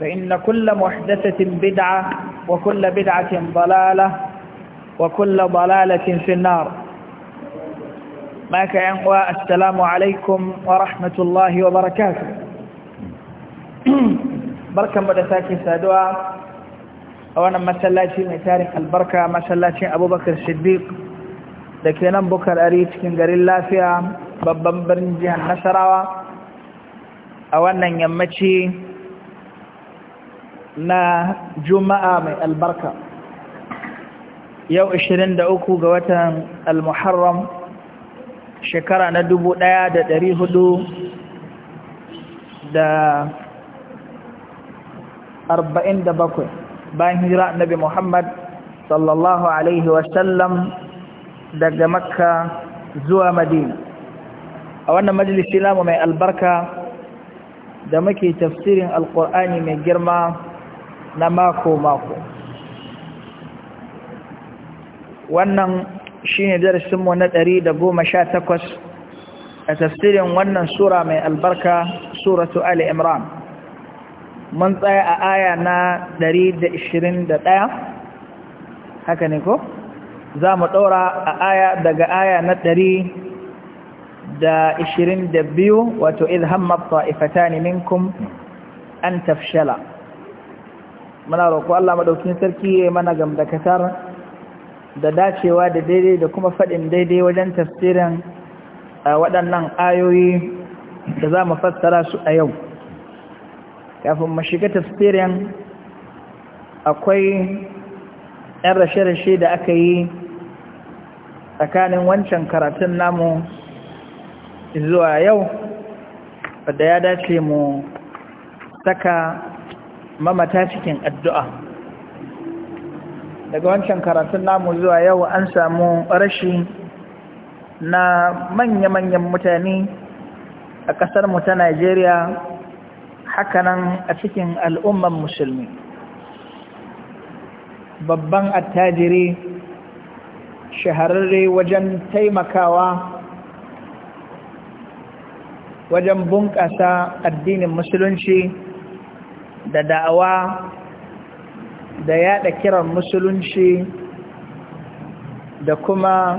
فإن كل محدثة بدعة وكل بدعة ضلالة وكل ضلالة في النار ما كان السلام عليكم ورحمة الله وبركاته بركة مدساكي سادوا وانا مسلاتي متارك البركة ما سلاتي أبو بكر الشديق لكن بكر أريد كنجر الله فيها babban birnin jihar nasarawa a na juma'a mai albarka yau 23 ga watan al-muharram shekara na 1447 bayan hijira annabi muhammad sallallahu alaihi wasallam daga makka zuwa madina a wannan majalisi namu mai albarka da muke tafsirin alkur'ani mai girma na mako-mako wannan shi ne darasinmu na ɗari da goma sha takwas a tafsirin wannan sura mai albarka suratu Ali Imran mun tsaya a aya na ɗari da da ɗaya haka ne ko? za mu ɗaura a aya daga aya na ɗari da ishirin da biyu wato ilhammar ta'ifatani minkum an tafshala muna roƙo Allah maɗaukin sarki ya mana gamdakatar da dacewa da daidai da kuma faɗin daidai wajen tafsirin waɗannan ayoyi da za mu fassara su a yau kafin mu shiga tafsirin akwai 'yan rashe-rashe da aka yi tsakanin wancan karatun namu zuwa yau wadda ya dace mu saka mamata cikin addu'a daga wancan karatun namu zuwa yau an samu rashi na manya-manyan mutane a ƙasarmu ta Najeriya hakanan a cikin al'umman musulmi babban attajiri shahararre wajen taimakawa wajen bunƙasa addinin musulunci da da'awa da yaɗa kiran musulunci da kuma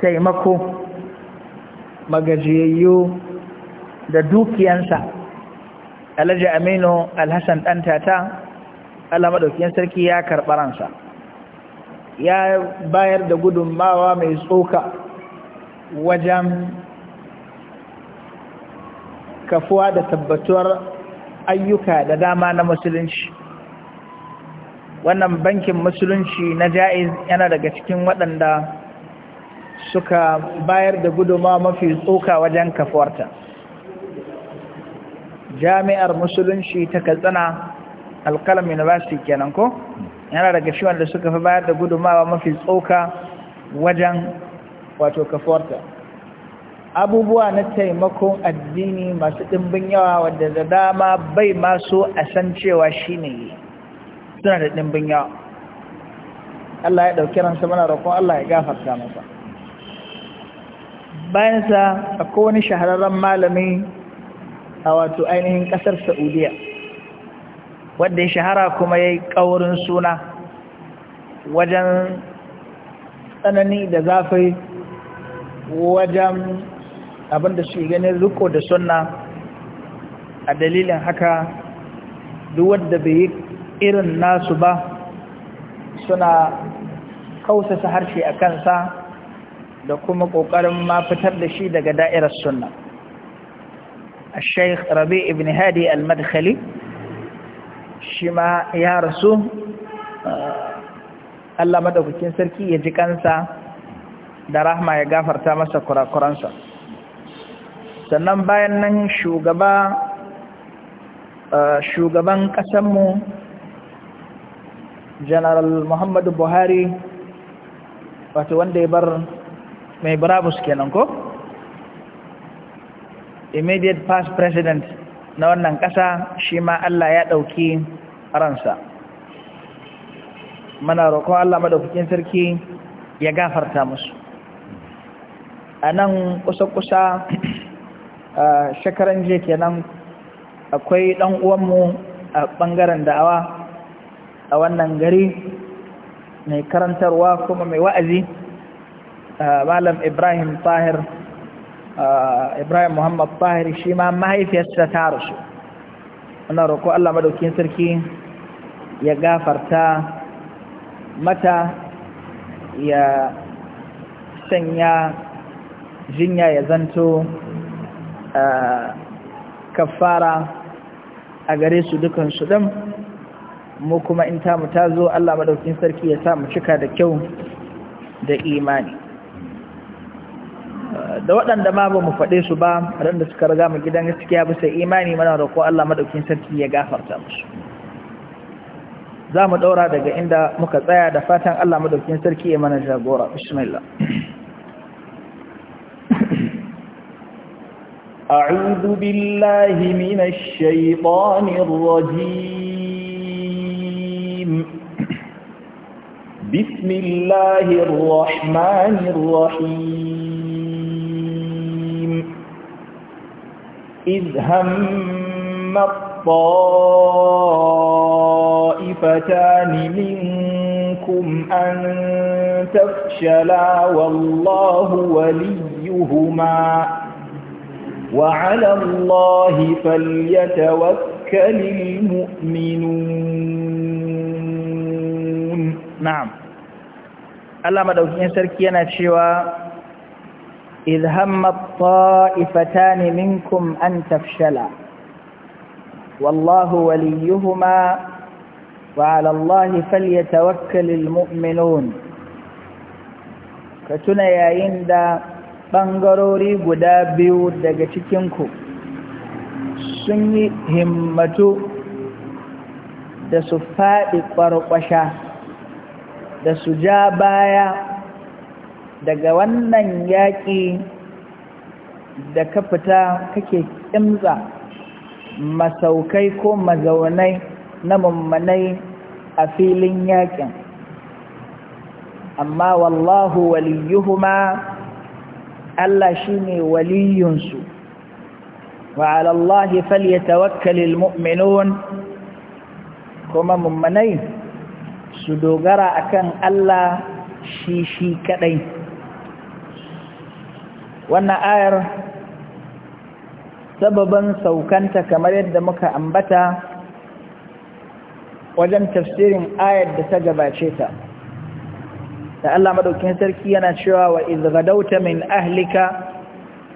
taimako magajiyayyu da dukiyansa alhaji aminu alhassan ɗan tata allah maɗaukiyar sarki ya karɓi ya bayar da gudunmawa mai tsoka wajen kafuwa da tabbatuwar ayyuka da dama na musulunci wannan bankin musulunci na ja'iz yana daga cikin waɗanda suka bayar da guduma mafi tsoka wajen kafuwarta jami'ar musulunci ta katsina alkalam university kenan ko yana daga shi wanda suka fi bayar da gudumawa mafi tsoka wajen wato kafuwarta abubuwa na taimakon addini masu ɗimbin yawa wadda da dama bai masu a san cewa shi ne suna da ɗimbin yawa Allah ya ɗauki ransa mana roƙon Allah ya gafarta masa bayansa akwai wani shahararren malami a wato ainihin ƙasar Saudiyya, wadda ya shahara kuma ya yi ƙaurin suna wajen tsanani da zafi wajen abinda su ganin riko da sunna a dalilin haka duk wanda bai irin nasu ba suna kausasa harshe a kansa da kuma ƙoƙarin ma fitar da shi daga da'irar sunna a sheikh rabi ibn hadi al-madkhali shi ma ya rasu uh, Allah madaukakin sarki ya ji kansa da rahma ya gafarta masa kurakuransa sannan bayan nan shugaba uh, shugaban mu general muhammadu buhari wato wanda ya bar mai brabus kenan ko immediate past president na wannan ƙasa shi ma allah ya ɗauki ransa mana roƙon allah madaukakin sarki ya gafarta musu a nan kusa-kusa shekaran je kenan akwai ɗan uwanmu a ɓangaren da'awa a wannan gari mai karantarwa kuma mai wa'azi malam ibrahim tahir ibrahim muhammad tahir shi ma mahaifiyarsa ta rasu wannan roƙo allah madaukin sarki ya gafarta mata ya sanya jinya ya zanto kafara a gare su dukansu ɗan mu kuma in tamu ta zo Allah maɗaukin sarki ya sa mu cika da kyau da imani da waɗanda ma ba mu faɗe su ba waɗanda suka raga mu gidan gaskiya bisa imani mana da ko Allah maɗaukin sarki ya gafarta musu za mu ɗaura daga inda muka tsaya da fatan Allah maɗaukin sarki ya mana jagora bismillah أعوذ بالله من الشيطان الرجيم بسم الله الرحمن الرحيم إذ هم الطائفتان منكم أن تفشلا والله وليهما وعلى الله فليتوكل المؤمنون نعم الله مدوكين سركينا شوى إذ هم الطائفتان منكم أن تفشلا والله وليهما وعلى الله فليتوكل المؤمنون كتنا يا إندا ɓangarori guda biyu daga cikinku sun yi himmatu da su faɗi ƙwarƙwasha da su ja baya daga wannan yaƙi da ka fita kake ƙimza masaukai ko mazaunai na mummanai a filin yaƙin amma wallahu ma. Allah shine waliyunsu wa fal ya tawakkali mu'minun kuma mummanai su dogara akan Allah shi shi kadai wannan ayar sababan saukanta kamar yadda muka ambata wajen tafsirin ayar da ta gabace ta da Allah madaukin sarki yana cewa wa idh gadawta min ahlika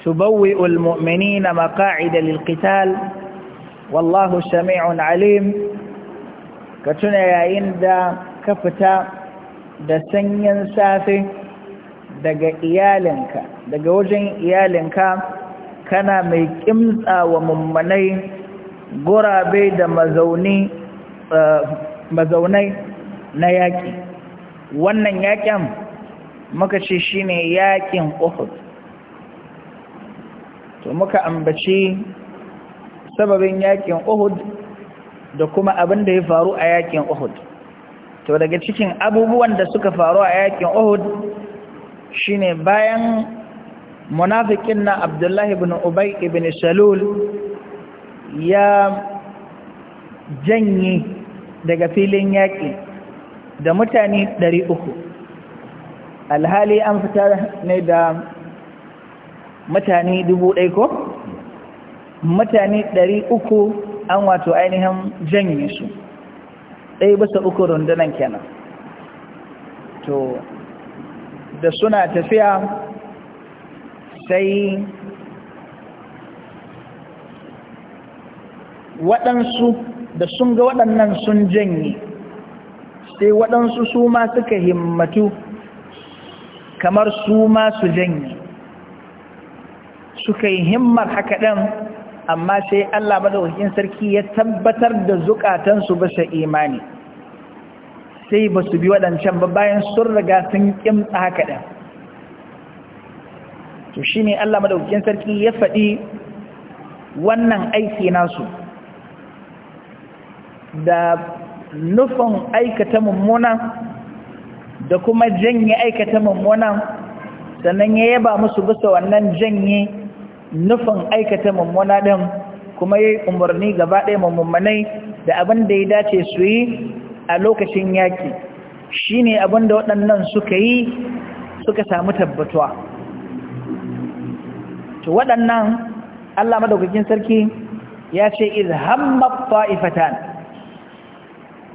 tubawwi'u almu'minina maqa'ida lilqital wallahu sami'un alim ka tuna yayin da ka fita da sanyin safe daga iyalinka daga wajen iyalinka kana mai kimtsa wa mummanai gurabe da mazauni eh, mazaunai na yaƙi wannan yaƙin muka ce shi ne yaƙin uhud to muka ambaci sababin yaƙin uhud da kuma abin da ya faru a yaƙin uhud to daga cikin abubuwan da suka faru a yaƙin uhud shi ne bayan munafikin na abdullahi ibn ubai ibn salul ya janye daga filin yaƙi da mutane ɗari uku alhali an fita ne da mutane dubu ɗai ko mutane ɗari uku an wato ainihin janye su ɗai bisa uku rundunan kenan to da suna tafiya sai waɗansu da sun ga waɗannan sun janye sai waɗansu su ma suka himmatu kamar su ma su janye suka yi himmar haka ɗan amma sai Allah madaukakin sarki ya tabbatar da zukatansu basa imani sai ba su bi waɗancan ba bayan sun riga sun ƙimta haka ɗan to shi ne Allah madaukakin sarki ya faɗi wannan aiki nasu da nufin aikata mummuna da kuma janye aikata mummuna sannan ya yaba musu bisa wannan janye nufin aikata mummuna ɗin kuma yi umarni gaba ɗaya mummunai da abin da ya dace su yi a lokacin yaki ne abin da waɗannan suka yi suka samu tabbatuwa to waɗannan Allah madaukakin sarki ya ce iz hamma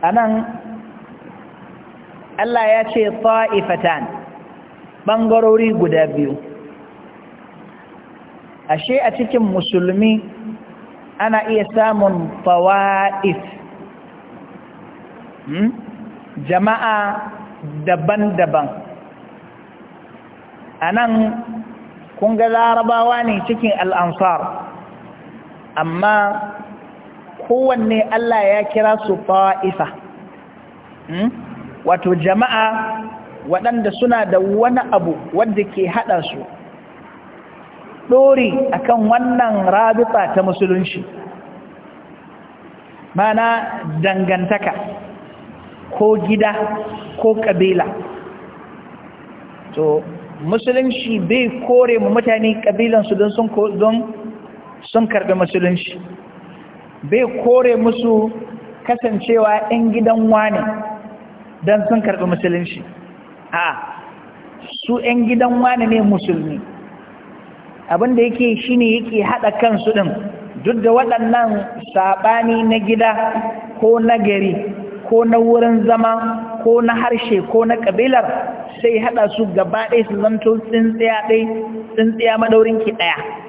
anan Allah ya ce fa’ifatan ɓangarori guda biyu ashe a cikin musulmi ana iya samun fawa'if hmm? jama'a daban-daban anan kun ga larabawa ne cikin al'ansar amma kowanne Allah ya kira su fa'ifa hmm? wato jama'a waɗanda suna da wani abu wanda ke haɗa su ɗori akan wannan rabita ta musulunci mana dangantaka ko gida ko ƙabila to musulunci bai kore mu mutane ƙabilansu don sun karɓi musulunci bai kore musu kasancewa ‘yan gidan wane don sun karɓi musulunci a su ‘yan gidan wane ne musulmi abinda yake shi ne yake haɗa kansu ɗin duk da waɗannan saɓani na gida ko na gari ko na wurin zama ko na harshe ko na ƙabilar sai haɗa su gaba ɗaya su zanto tsintsiya ɗaya tsintsiya maɗaurinki ɗaya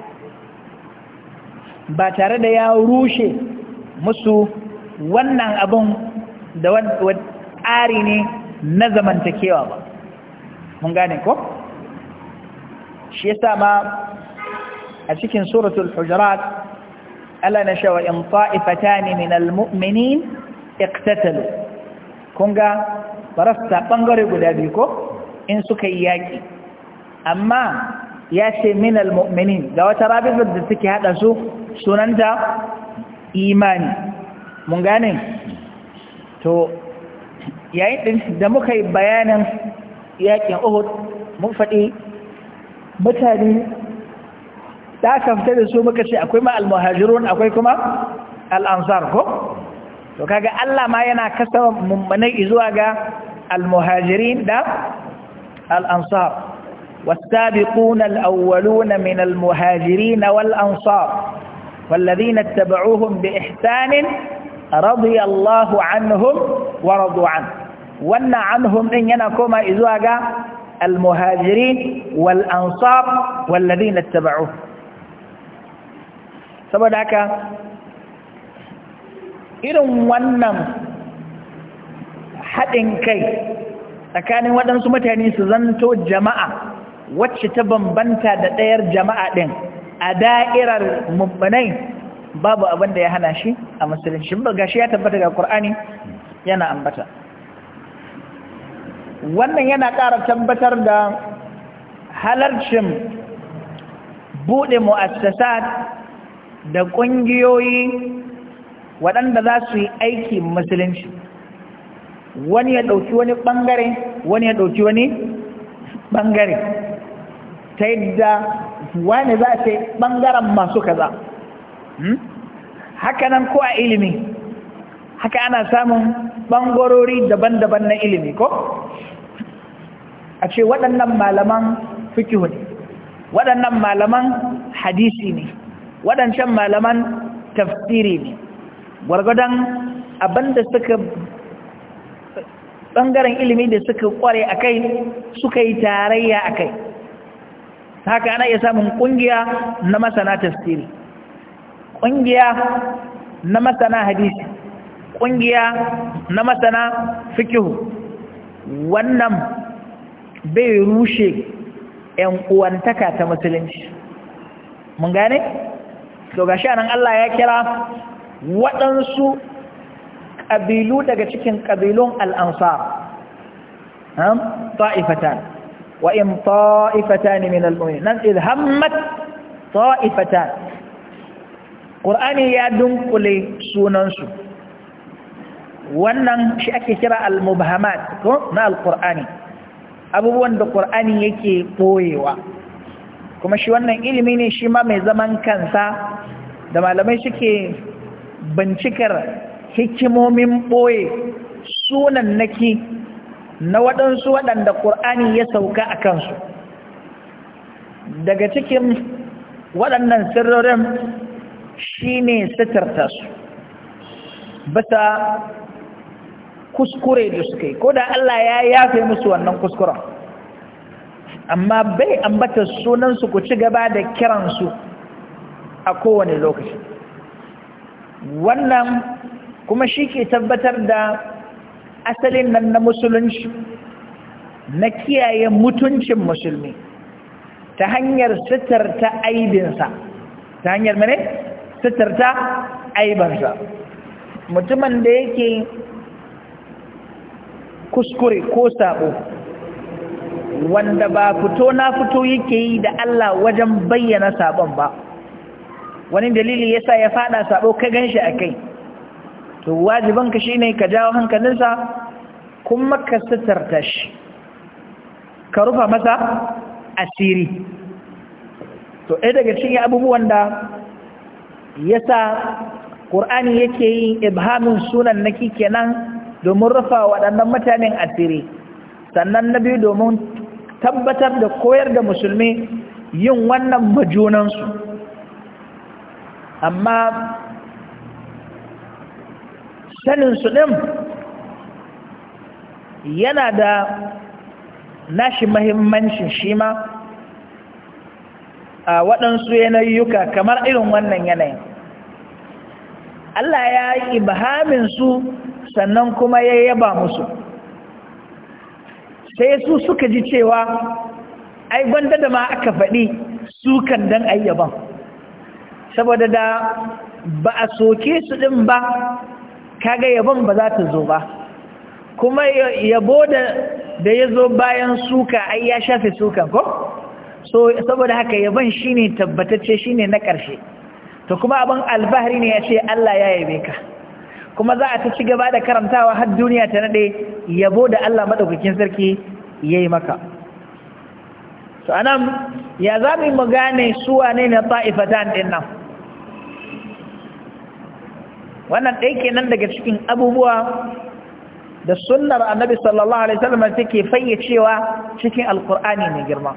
ba tare da ya rushe musu wannan abin da tsari ne na zamantakewa ba mun gane ko shi yasa ma a cikin suratul hujurat Allah na shawa in ta'ifatan min almu'minin Kun kunga barasta bangare guda biyu ko in suka yi yaƙi. amma ya ce min almu'minin da wata rabizar da suke hada su sunanta imani mun gane to yayin da muka yi bayanin yakin uhud mun faɗi mutane da aka fita da su muka ce akwai ma almuhajirun akwai kuma al'ansar ko to kaga Allah ma yana kasa mummunai zuwa ga almuhajirin da al'ansar والسابقون الأولون من wal ansar والذين اتبعوهم بإحسان رضي الله عنهم ورضوا عنه وأن عنهم إن ينكم إذواج المهاجرين والأنصار والذين اتبعوه saboda haka irin wannan haɗin kai tsakanin waɗansu mutane su zanto jama'a wacce ta bambanta da ɗayar jama'a ɗin a da'irar mummunai babu abin da ya hana shi a musulunci ba gashi ya tabbata ga Qur'ani yana ambata wannan yana ƙara tabbatar da halarcin buɗe mu'assasat da ƙungiyoyi waɗanda za su yi aiki musulunci wani ya ɗauki wani ɓangare wani ya ɗauki wani ɓangare ta yadda wane za ta ce ɓangaren masu kaza hmm? haka nan ko a ilimi haka ana samun ɓangarori daban-daban na ilimi ko a ce waɗannan malaman fikihu ne waɗannan malaman hadisi ne waɗancan malaman tafsiri ne gwargwadon abinda suka ɓangaren ilimi da suka ƙware a kai suka yi tarayya a kai ta haka ana iya samun ƙungiya na masana tafsiri ƙungiya na masana hadisi ƙungiya na masana fikihu wannan bai rushe ‘yan uwantaka ta musulunci mun gane? to gashi anan Allah ya kira waɗansu ƙabilu daga cikin ƙabilun al'ansar ta'ifatan wa in ta'ifatan min al-mu'minin nan idhammat ta'ifatan qur'ani ya dunkule sunansu. wannan shi ake kira al-mubhamat ko na al-qur'ani abubuwan da qur'ani yake ɓoyewa. kuma shi wannan ilimi ne shi ma mai zaman kansa da malamai suke bincikar hikimomin boye sunan naki na waɗansu waɗanda ƙur'ani ya sauka a kansu daga cikin waɗannan sirrorin shi ne sitarta su bisa kuskure da suke, ko da Allah ya yafe musu wannan kuskuren amma bai ambata sunansu ku ci gaba da kiransu a kowane lokaci wannan kuma shi ke tabbatar da asalin nan na musulunci na kiyaye mutuncin musulmi ta hanyar sitarta aibinsa ta hanyar mene sitarta aibansa mutumin da yake kuskure ko sabo wanda ba fito na fito yake yi da Allah wajen bayyana sabon ba wani dalili yasa ya fada sabo ka ganshi akai to wajibanka shine ka jawo hankalinsa kuma ka sitarta shi ka rufa masa asiri to ɗaya daga cikin abubuwan da yasa sa ƙur'ani yake yi ibhamin sunan na kenan domin rufa waɗannan mutanen asiri sannan na biyu domin tabbatar da koyar da musulmi yin wannan majunansu amma sanin su ɗin yana da nashi mahimmancin shi ma a waɗansu yanayyuka kamar irin wannan yanayin Allah ya yi su sannan kuma ya yaba musu sai su suka ji cewa ai gwanda da ma aka faɗi sukan don ayyaban saboda da ba a soke su ɗin ba kaga yabon ba za ta zo ba kuma yabo da ya zo bayan suka ai ya shafe suka ko so saboda haka yabon shine tabbatacce shine na ƙarshe to kuma abin albahari ne ya ce Allah ya yabe ka kuma za a ta ci gaba da karantawa har duniya ta nade yabo da Allah madaukakin sarki yayi maka to anan ya za mu gane su wane na ta'ifatan din nan wannan ke kenan daga cikin abubuwa da sunnar annabi sallallahu alaihi wasallam take fayyacewa cikin alkur'ani mai girma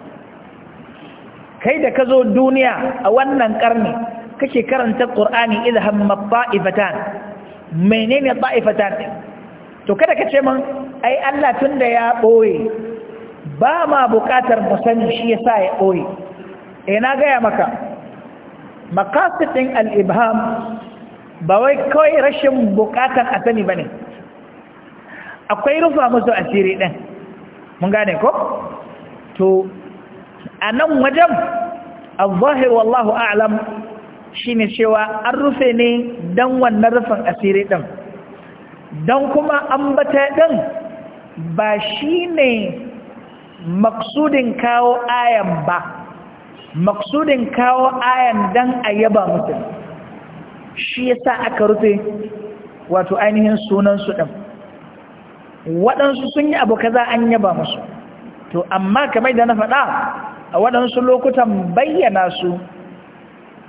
kai da ka zo duniya a wannan karni kake karanta qur'ani idham maba'ifatan menene ba'ifatan to kada ka ce min ai Allah tunda ya boye ba ma buƙatar mu sani shi yasa ya boye eh na ga maka maqasidin al-ibham ba wai kawai rashin bukatar a sani ba ne akwai rufa musu asiri ɗin mun gane ko? to a nan wajen al-zahir wallahu a'lam shine cewa an rufe ne don wannan rufin asiri ɗin don kuma an bata ɗin ba shi ne maksudin kawo ayan ba maksudin kawo ayan don a yaba mutum shi yasa aka rufe wato ainihin sunansu ɗin waɗansu sun yi abu kaza an yaba musu to amma kamar da na faɗa a waɗansu lokutan bayyana su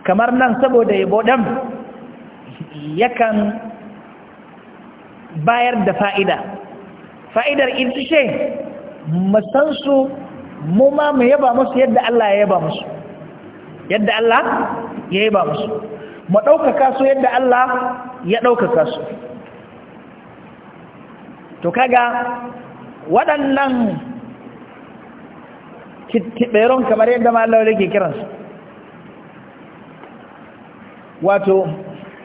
kamar nan saboda yabo ɗan yakan bayar da fa'ida fa'idar ita ce su mu ma mu yaba musu yadda Allah ya yaba musu yadda Allah ya yaba musu mu ɗaukaka su yadda Allah ya ɗaukaka su to kaga waɗannan kittiɓeron kamar yadda malawar ke kiransu wato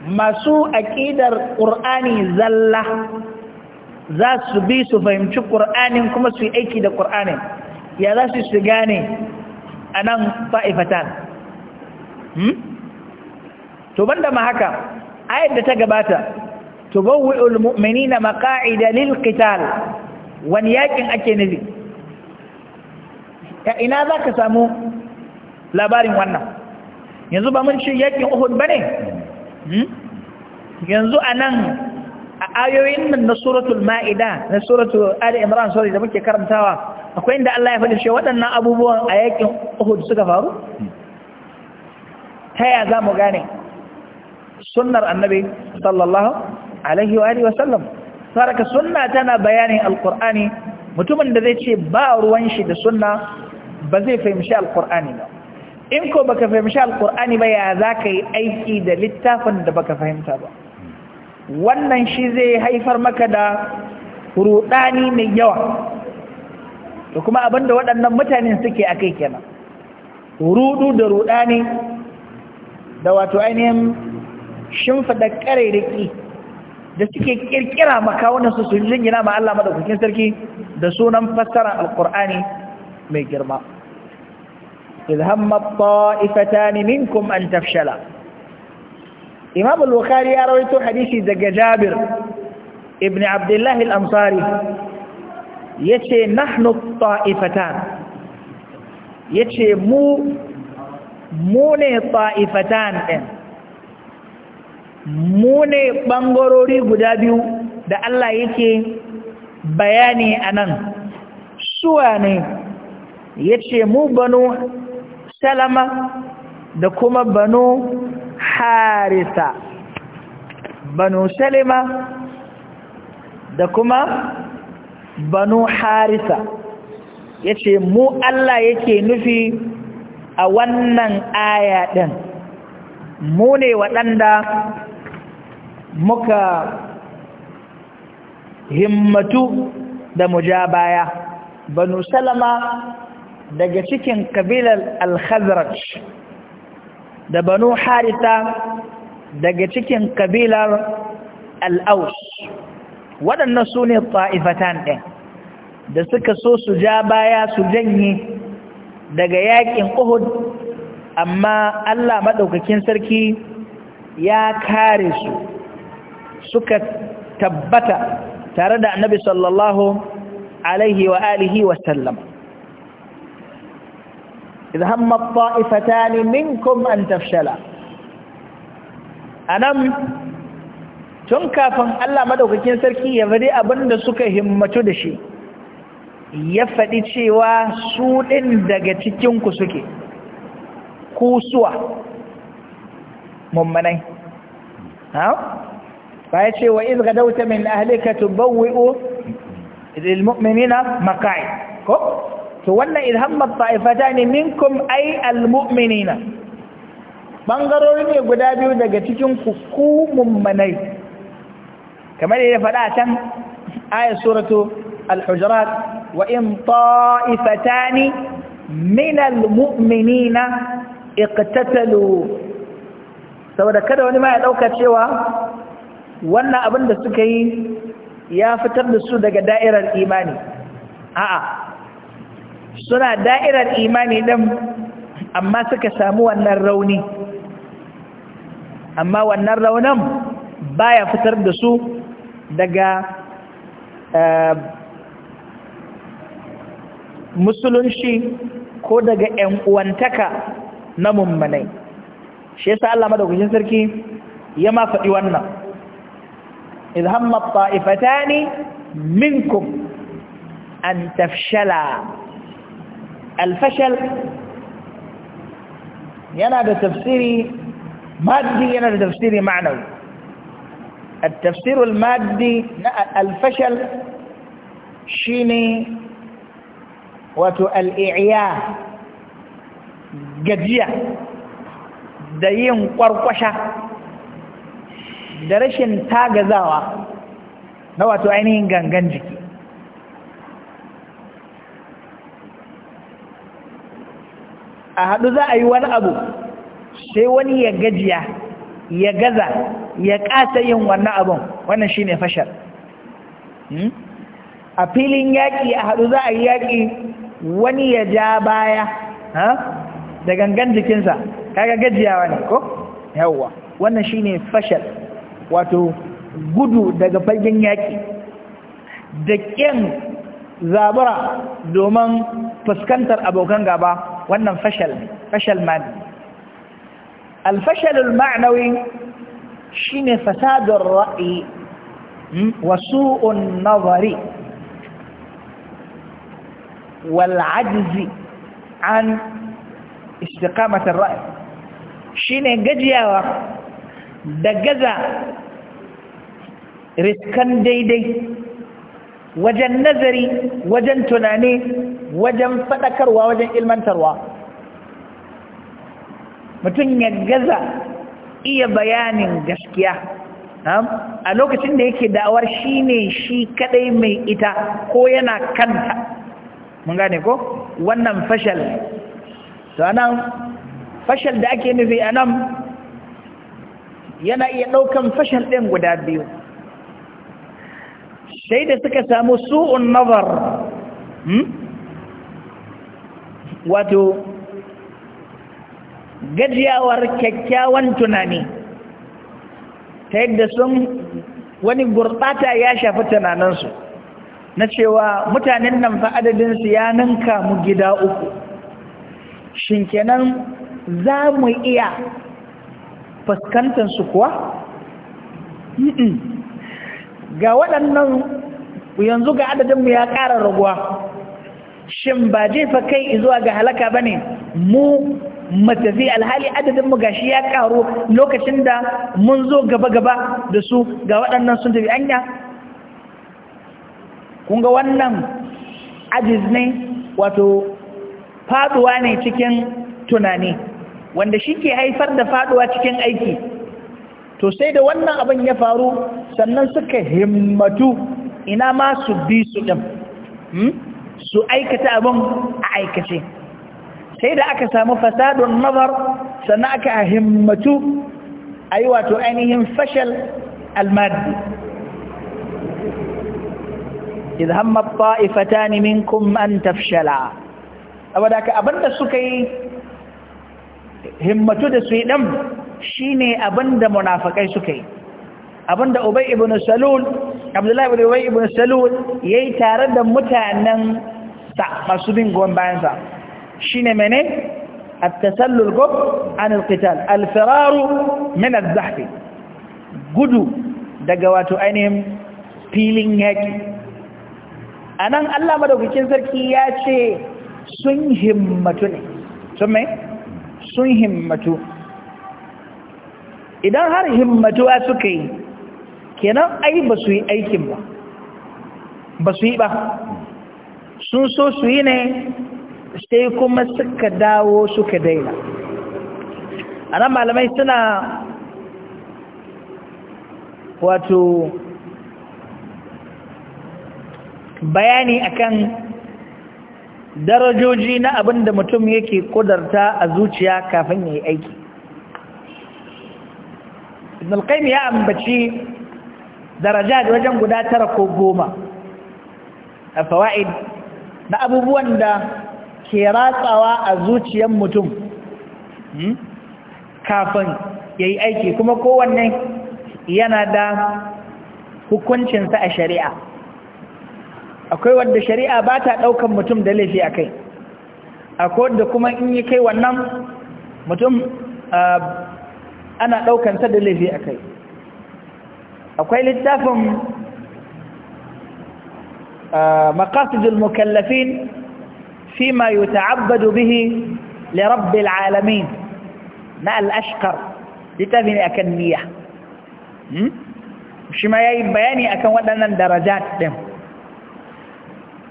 masu aƙidar ƙur'ani zalla za su bi su fahimci ƙur'anin kuma su yi aiki da ƙur'anin ya za su su gane a nan fa'ifatan to banda ma haka ayar da ta gabata to tubawwi'ul mu'minina maqa'ida lil qital wani yakin ake nufi ta ina zaka samu labarin wannan yanzu ba mun ci yakin Uhud bane hmm? yanzu a nan, a ayoyin nan na suratul ma'ida na suratul ali imran sorry da muke karantawa akwai inda Allah ya faɗi shi waɗannan abubuwan a yakin Uhud suka faru hmm. ta ya za mu gane sunnar annabi sallallahu alaihi wa alihi saraka sunna tana bayanin alqur'ani mutumin da zai ce ba ruwan shi da sunna ba zai fahimci alqur'ani ba in ko baka fahimci alqur'ani ba ya zaka yi aiki da littafin da baka fahimta ba wannan shi zai haifar maka da rudani mai yawa to kuma abinda waɗannan mutanen suke akai kenan rudu da rudani da wato ainihin shimfida ƙarairaki da suke ƙirƙira makawunansu su jingina ma Allah madaukakin sarki da sunan fassara alƙur'ani mai girma idh hamma ta'ifatan minkum an tafshala imam al-bukhari ya rawaito hadisi daga jabir ibn abdullah al-ansari yace nahnu ta'ifatan yace mu mu ne ta'ifatan din mu ne ɓangarori guda biyu da Allah yake bayani a nan suwa ne ya ce mu banu salama da kuma banu harisa banu salima da kuma banu harisa ya ce mu Allah yake nufi a wannan aya ɗin mu ne waɗanda muka himmatu da mujabaya banu salama daga cikin kabilar al-khazraj da banu harita daga cikin kabilar al-aus waɗannan su ne ta'ifatan ɗin da suka so su ja baya su janye daga yaƙin uhud amma Allah maɗaukakin sarki ya kare su suka tabbata tare da annabi sallallahu alaihi wa alihi wa sallam idh hamma taifatan minkum an tafshala anan tun kafin Allah madaukakin sarki ya fadi abinda suka himmatu da shi ya fadi cewa su din daga cikin ku suke kusuwa mummanai ha فايتشي وإذ غدوت من أهلك تبوئ للمؤمنين مقاعد تولى إذ هم الطائفتان منكم أي المؤمنين بانغرورين يقدابيو دقتكم كوكوم مني كما يفعل آية سورة الحجرات وإن طائفتان من المؤمنين اقتتلوا سوى ذكره لما يدوك تشيوه wannan abin da suka yi ya fitar da su daga da'irar imani a'a suna da'irar imani ɗin amma suka samu wannan rauni amma wannan raunin baya fitar da su daga eh, musulunci ko daga ‘yan uwantaka na mummanai shi yasa Allah madaukakin sarki ya ma faɗi wannan إذ هم الطائفتان منكم أن تفشلا الفشل ينا بتفسيري مادي ينا بتفسيري معنوي التفسير المادي الفشل شيني وتو الإعياء جدية دين قرقشة da rashin tagazawa na wato ainihin gangan jiki a haɗu za a yi wani abu sai wani ya gajiya ya gaza ya ƙasa yin wannan abin wannan shi ne fashar hmm? a filin yaƙi a haɗu za a yi yaƙi wani ya ja baya da gangan jikinsa kaga gajiyawa ne ko yawwa wannan shi ne fashar wato gudu daga fagen yaƙi da ƙin zabura domin fuskantar abokan gaba wannan fashal fashal ma'anawi alfashalul ma'anawi shine fasadun ra'ayi hmm, wasu'un nazari an عن ra'ayi. Shi ne gajiyawa. da gaza riskan daidai wajen nazari wajen tunani wajen fadakarwa wajen ilmantarwa mutum ya gaza iya bayanin gaskiya a lokacin da yake da'awar shi ne shi kadai mai ita ko yana kanta mun gane ko wannan fashal to anan fashal da ake nufi anan yana iya ɗaukan fashin ɗin guda biyu sai da suka samu su'un nazar hmm? wato gajiyawar kyakkyawan tunani ta yadda sun wani gurɓata ya shafi tunaninsu na cewa mutanen nan fa ya ninka mu gida uku shin kenan za mu iya su kuwa ga waɗannan yanzu ga adadinmu ya ƙara raguwa shin ba jefa kai zuwa ga halaka ba ne mu matafi alhali adadinmu ga shi ya ƙaru lokacin da mun zo gaba-gaba da su ga waɗannan sun tafi anya ƙunga wannan ajiz ne wato faɗuwa ne cikin tunani wanda shi ke haifar da faduwa cikin aiki to sai da wannan abin ya faru sannan suka himmatu ina ma su bi su ɗin hmm? su aikata abin a aikace sai da aka samu fasadun nazar sannan aka himmatu a yi wato ainihin fashal almadi idh hamma ta'ifatani minkum an tafshala abada ka abinda suka yi himmatu da su yi ɗan shi ne da munafakai suka yi abin da ubai ibn salul abdullahi ibn ubai ibn salul ya yi tare da mutanen sa masu bin goyon bayansa shi ne mene a tasallul gob an alkital alfiraru min al gudu daga wato ainihin filin yaƙi a nan allah madaukakin sarki ya ce sun himmatu ne sun mai sun himmatu idan har himmatuwa suka yi kenan ai ba su yi aikin ba ba su yi ba sun so su yi ne sai kuma suka dawo suka daina a nan malamai suna wato bayani akan darajoji na abin da mutum yake kudarta a zuciya kafin ya yi aiki ibn ya ambaci daraja da wajen guda tara ko goma a fawaid na abubuwan da ke ratsawa a zuciyan mutum hmm, kafin ya yi aiki kuma kowanne yana da hukuncinsa a shari'a akwai wanda shari'a ba ta ɗaukan mutum da laifi a kai akwai wanda kuma in yi kai wannan mutum ana ɗaukansa da laifi a kai akwai littafin maqasidul mukallafin fi ma yi ta'abbadu bihi lirabbil alamin na al'ashkar littafi ne akan niyya shi ma ya yi bayani akan waɗannan darajat ɗin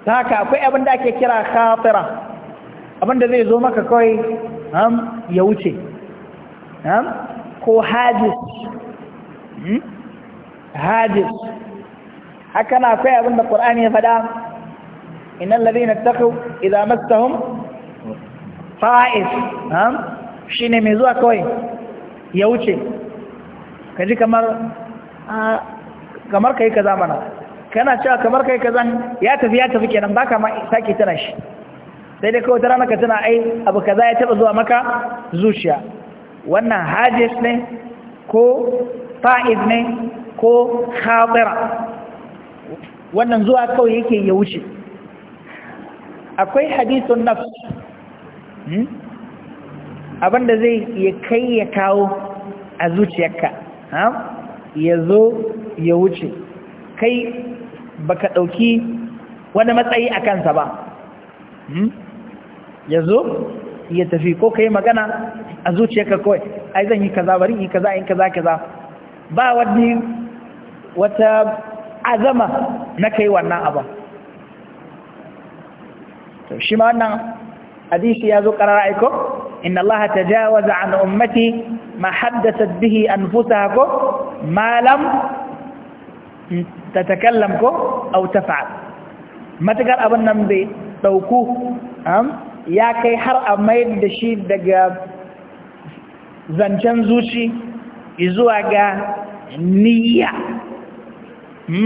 ta haka akwai abin da ake kira khatira abin da zai zo maka kawai am ya wuce am ko hadis hmm? hadis haka na akwai abin da qur'ani ya faɗa innal ladina taqaw idza massahum fa'is am shine mai zuwa kawai ya wuce kaji kamar kamar kai kaza mana kana cewa kamar kai kazan ya tafi ya tafi kenan baka ma sake tana shi sai dai kawai ta rana ka tana ai abu kaza ya taba zuwa maka zuciya wannan hajjis ne ko fa'id ne ko khabira wannan zuwa kawai yake ya wuce akwai hadithun nafs hmm? abinda zai ya kai ya kawo a zuciyarka ya zo ya wuce kai baka ɗauki wani matsayi a kansa ba hmm? ya zo ya tafi ko kai magana a zuciyarka kawai ai zan yi kaza bari yi kaza yi kaza kaza ba wani wata azama na kai wannan abin to shi ma wannan hadisi ya zo karara aiko inna ta tajawaza an ummati ma haddathat bihi anfusa ko malam tatakallam ko aw taf'al matakar abin nan bai dauku ya kai har a mai da shi daga zancen zuci zuwa ga niyya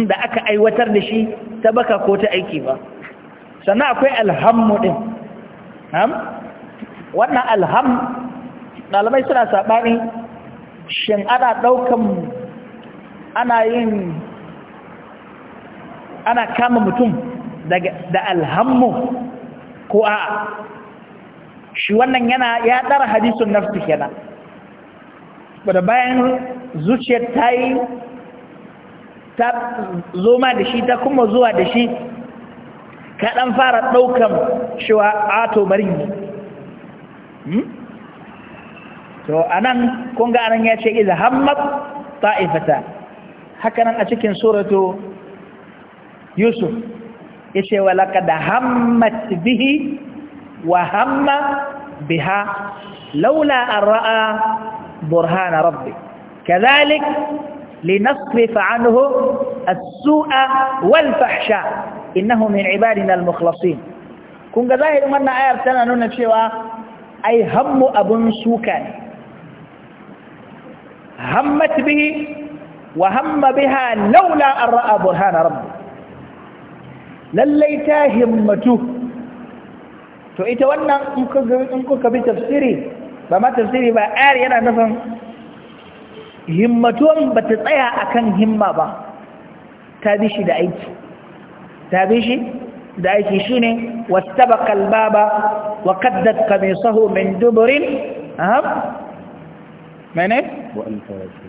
da aka aiwatar da shi ta baka ko ta aiki ba sannan akwai alhammu din wannan alham dalibai suna saɓani shin ana ɗaukan ana yin ana kama mutum da alhammu ko a shi wannan yana ya ɗara hadisun nafsu kenan wadda bayan zuciyar ta yi ta zoma da shi ta kuma zuwa da shi ka fara ɗaukan shiwa ato bari ne hmm? to a nan kunga anan ya ce iza hammat ta'ifata nan a cikin suratu يوسف إيش ولقد همت به وهم بها لولا أن رأى برهان ربي كذلك لنصرف عنه السوء والفحشاء إنه من عبادنا المخلصين كن ظاهر من آية سنة نون الشيوة أي هم أبو سوكا همت به وهم بها لولا أن رأى برهان ربي lallai ta himmatu to ita wannan in kuka bi tafsiri ba ma tafsiri ba ayar yana nufin himmatuwan ba ta tsaya a kan himma ba ta bi shi da aiki ta bi shi da aiki Shi ne shine wastabaqa albaba wa qaddat qamisahu min dubrin ahab mene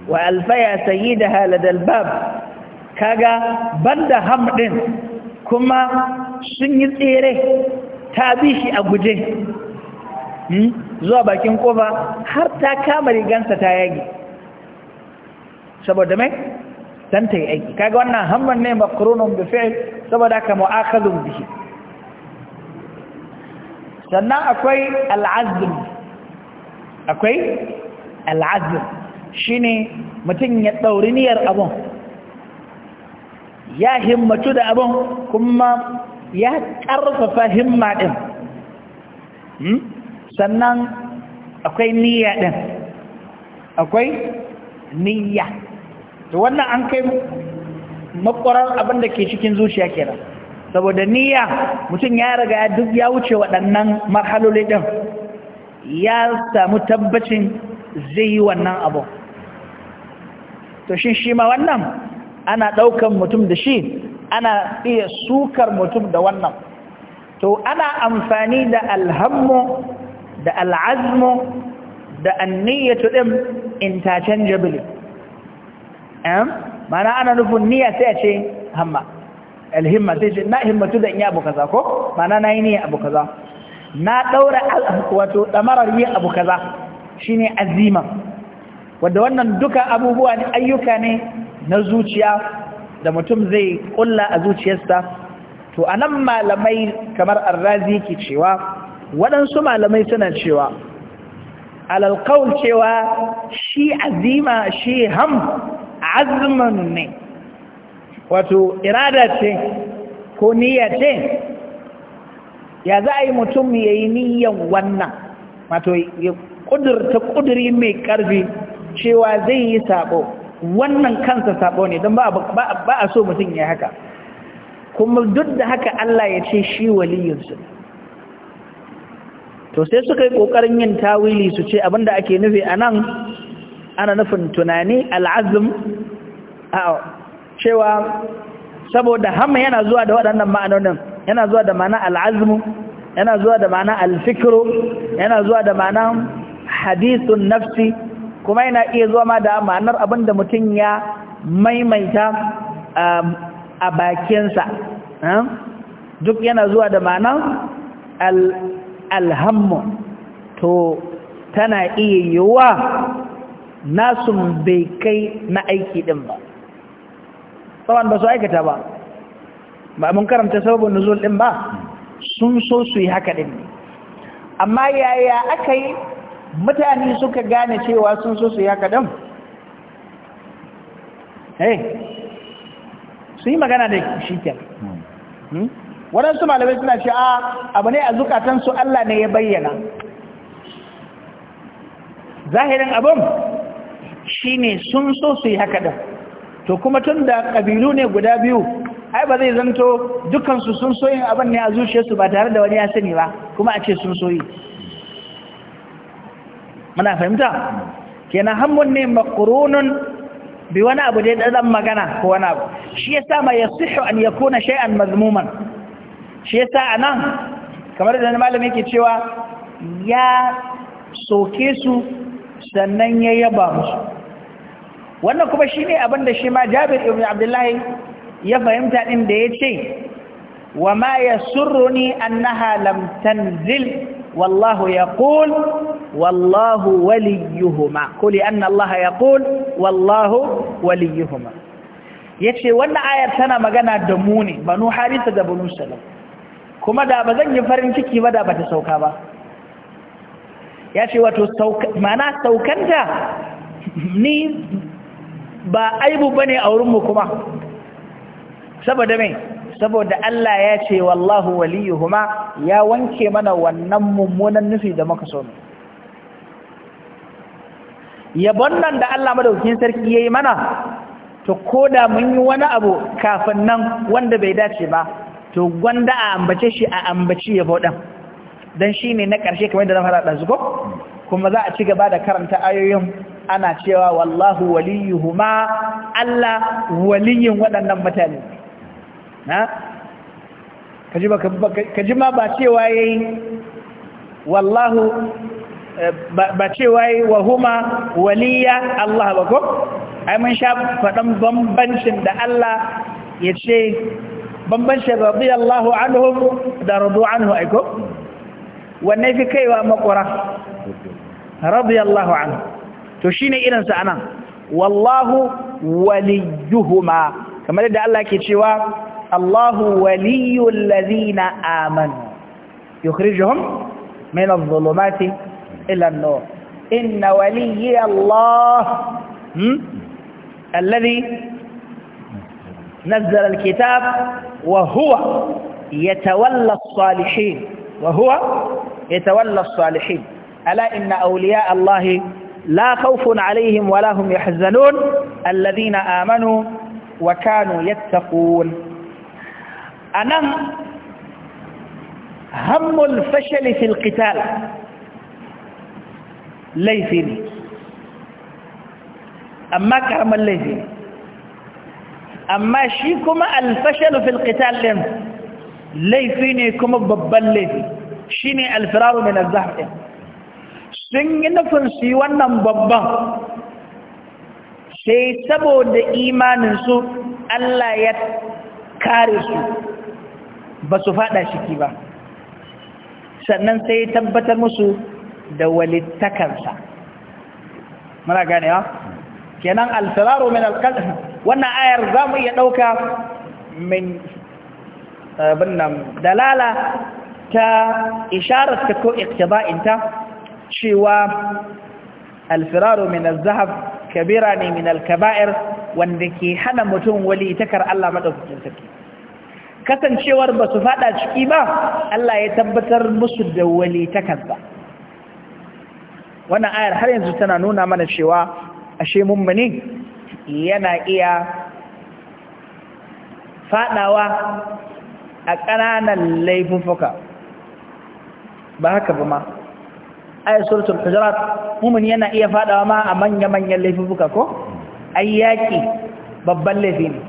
wa alfaya sayyidaha ladal bab kaga banda hamdin kuma sun yi tsere ta bi shi a guje hmm, zuwa bakin kofa har ta kama rigansa ta yage saboda mai dan ta yi aiki kaga wannan hamman ne makarunun bifi'il saboda ka mu'akhadun bihi sannan akwai al'azm akwai al'azm shine mutum ya dauri niyyar abun ya himmatu da abin kuma ya ƙarfafa himma ɗin hmm? sannan akwai niyya ɗin akwai niyya to wannan an kai makwarar abin da ke cikin zuciya kenan saboda niyya mutum ya riga duk ya wuce waɗannan marhaloli ɗin ya samu tabbacin zai yi wannan abu to shi shi ma wannan ana ɗaukan mutum da shi ana iya sukar mutum da wannan to ana amfani da alhammu da al'azmu da anniya to ɗin interchangeably mana ana nufin niyya sai a ce hamma alhimma sai ce na himmatu da in yi abu kaza ko mana na yi niyya abu kaza na ɗaura wato ɗamarar yin abu kaza shine azima wadda wannan duka abubuwa ne ayyuka ne na zuciya da mutum zai kulla a zuciyarsa to anan malamai kamar arrazi ke cewa waɗansu malamai suna cewa alalƙaun cewa shi azima shi ham azman ne wato irada ce ko niyya ce ya za a yi mutum ya yi niyyan wannan wato ya ƙudurta ƙuduri mai ƙarfi cewa zai yi sabo wannan kansa sabo ne don ba a so mutum ya haka kuma duk da haka Allah ya ce shi waliyinsu to sai suka yi ƙoƙarin yin tawili su ce abinda ake nufi a nan ana nufin tunani al'azum a cewa saboda hamma yana zuwa da waɗannan ma'anonin yana zuwa da ma'ana al'azmu yana zuwa da ma'ana alfikiro yana zuwa da ma'ana hadithun nafsi kuma yana iya zuwa ma da ma'anar abin da mutum ya maimaita um, a bakinsa duk yana zuwa da ma'anar alhammu to tana iya yiwuwa nasun bai kai na aiki ɗin ba tsawon ba su aikata ba ba mun karanta sababin nuzul ɗin ba sun so su yi haka ɗin amma yaya aka yi mutane suka gane cewa sun so su ya kadan hey su yi magana da shi ke hmm? waɗansu malamai suna ce a ah, abu ne a zukatansu Allah ne ya bayyana zahirin abin shi ne sun so su yi haka ɗan to kuma tun da ƙabilu ne guda biyu ai ba zai zanto dukansu sun so yin abin ne a zuciyarsu ba tare da wani ya sani ba kuma a ce sun so yi muna fahimta kenan hammun ne maqrunun bi wani abu da dadan magana ko wani abu shi sa ma yasihu an yakuna shay'an mazmuman shi yasa anan kamar da malami yake cewa ya soke su sannan ya yaba musu wannan kuma shine abin da shi ma Jabir ibn Abdullahi ya fahimta ɗin da yace wa ma suruni annaha lam tanzil wallahu yaqul والله وليهما قل أن الله يقول والله وليهما yace wannan ayar tana magana da mu ne banu harisa da banu salam kuma da ba zan yi farin ciki ba da bata sauka ba yace wato mana saukanta ni ba aibu bane a wurin mu kuma saboda me saboda Allah ya ce wallahu waliyuhuma ya wanke mana wannan mummunan nufi da muka so mu yabon nan da Allah madaukin sarki yayi mana to koda mun yi wani abu kafin nan wanda bai dace ba to gwanda a ambace shi a ambaci yabo din dan shine na karshe kamar da na fara dan zuko kuma za a ci gaba da karanta ayoyin ana cewa wallahu waliyuhuma Allah waliyin waɗannan mutane na kaji ba kaji ma ba cewa yayi wallahu ba cewa yi wa huma waliya Allah ba ko? ai mun sha faɗin bambancin da Allah ya ce bambancin radiyallahu anhum da radu anhu aiko? wanne fi kaiwa makwara radiyallahu anhu to shi ne irinsa anan wallahu waliyuhuma kamar da Allah ke cewa Allahu waliyul ladina amanu yukhrijuhum min adh-dhulumati إلى النور إن ولي الله الذي نزل الكتاب وهو يتولى الصالحين وهو يتولى الصالحين ألا إن أولياء الله لا خوف عليهم ولا هم يحزنون الذين آمنوا وكانوا يتقون أنا هم الفشل في القتال laifi ne amma karamar laifi ne amma shi kuma alfashalu fil qital din laifi ne kuma babban laifi shine alfiraru min az-zahm din sun yi nufin su yi wannan babban sai saboda imanin su Allah ya kare su ba su fada shiki ba sannan sai tabbatar musu da walittakansa muna ganewa kenan alfiraru min al-qalb wannan ayar mu iya ɗauka min nan. dalala ta isharar ta ko iktiba'in cewa alfiraru min al-zahab kabira ne min al wanda ke hana mutum wali takar Allah madaukakin sarki kasancewar ba su fada ciki ba Allah ya tabbatar musu da wali takarsa wannan ayar har yanzu tana nuna mana cewa ashe mummuni yana iya fadawa a ƙananan laifuka ba haka ba ma ayar suratul hujurat mummuni yana iya fadawa ma a manya-manyan laifuka ko ayyaki babban laifi ne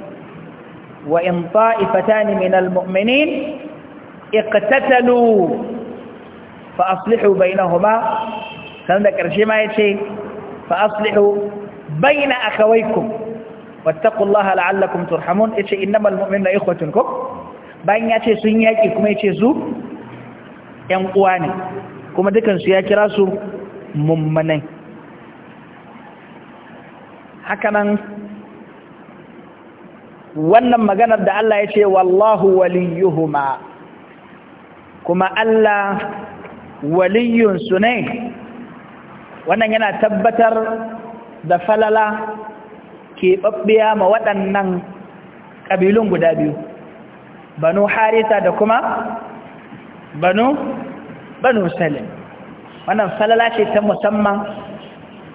wa in ta'ifatani minal mu'minin iqtatalu fa aslihu bainahuma sannan da ƙarshe ma ya ce fa aslihu bayna akhawaykum wattaqullaha la'allakum turhamun yace innamal mu'minuna ikhwatun ko bayan ya ce sun yaki kuma yace su ƴan uwa ne kuma dukansu su ya kira su mummanai hakanan wannan maganar da Allah ya ce wallahu waliyuhuma kuma Allah waliyunsu ne wannan yana tabbatar da falala keɓaɓɓiya ma waɗannan ƙabilun guda biyu banu harisa da kuma banu banu salim wannan falala ce ta musamman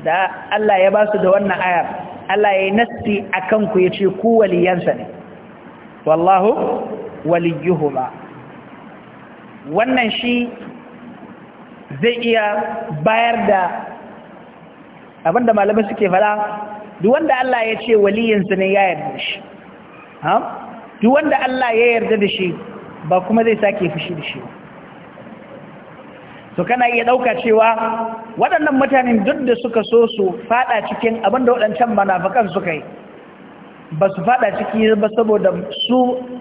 da Allah ya ba su da wannan ayar Allah ya yi nasti a kanku ya ce ku waliyansa ne wallahu ba. wannan shi zai iya bayar da abinda malamin suke fara duk wanda Allah ya ce waliyinsa ne ya yarda da shi duk wanda Allah ya yarda da shi ba kuma zai sake fushi da shi to kana iya ɗauka cewa waɗannan mutanen duk da suka so su fada cikin abinda waɗancan manafakan suka yi ba su fada ciki ba saboda su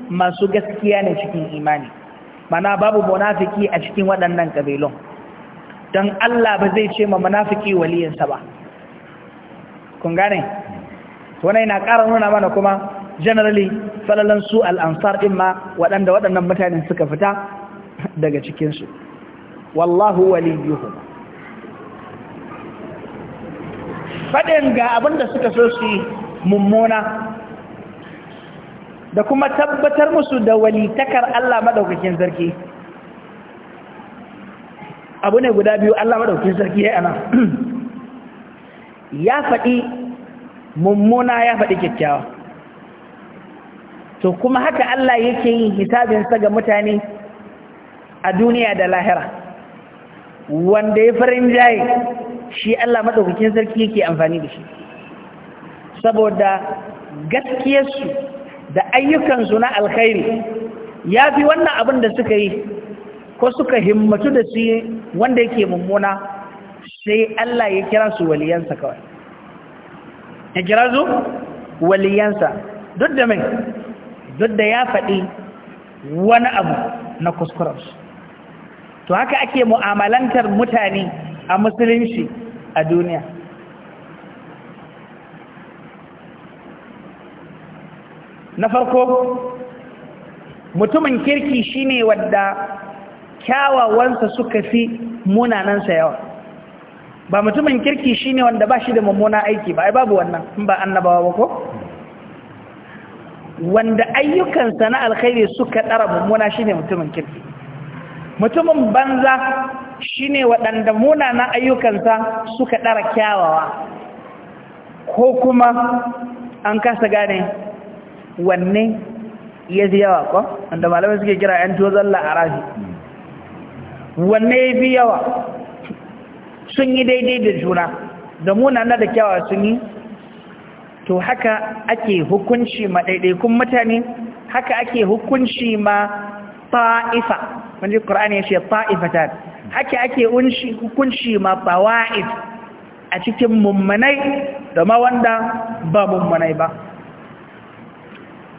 masu gaskiya ne cikin imani mana babu munafiki a cikin waɗannan ƙabilun don Allah ba zai ce ma munafiki waliyinsa ba kun gane wani na ƙara nuna mana kuma generally falalan su al'ansar ɗin ma waɗanda waɗannan mutanen suka fita daga cikinsu wallahu waliyuhu faɗin ga abin da suka so su yi mummuna da kuma tabbatar musu da walitakar Allah maɗaukakin zarki abu ne guda biyu Allah maɗaukakin zarki ya ana ya faɗi mummuna ya faɗi kyakkyawa to kuma haka Allah yake yin hisabinsa ga mutane a duniya da lahira wanda ya farin jaye shi Allah maɗaukakin sarki yake amfani da shi saboda gaskiyarsu da ayyukansu na alkhairi ya fi wannan abin da suka yi ko suka himmatu da su wanda yake mummuna sai Allah ya kira su waliyansa kawai ya kira waliyansa duk da mai duk da ya faɗi wani abu na kuskurarsu to haka ake mu'amalantar mutane a musulunci a duniya na farko mutumin kirki shine wadda kyawawansa suka fi munanansa yawa ba mutumin kirki shi ne wanda ba shi da mummuna aiki ba ai babu wannan in ba annabawa ba ko wanda ayyukansa na alkhairi suka ɗara mummuna shi ne mutumin kirki mutumin banza shi ne waɗanda munana ayyukansa suka ɗara kyawawa ko kuma an kasa gane wanne ya fi yawa ko wanda malamai suke kira ‘yan tozon la'arafi wanne ya fi yawa sun yi daidai da juna da munana da kyawa sun yi to haka ake hukunci ma ɗaiɗaikun mutane haka ake hukunci ma ta'ifa wanda ƙur'ani ya ce ta'ifatan haka ake hukunci ma ta'if a cikin mummunai da ma wanda ba mummunai ba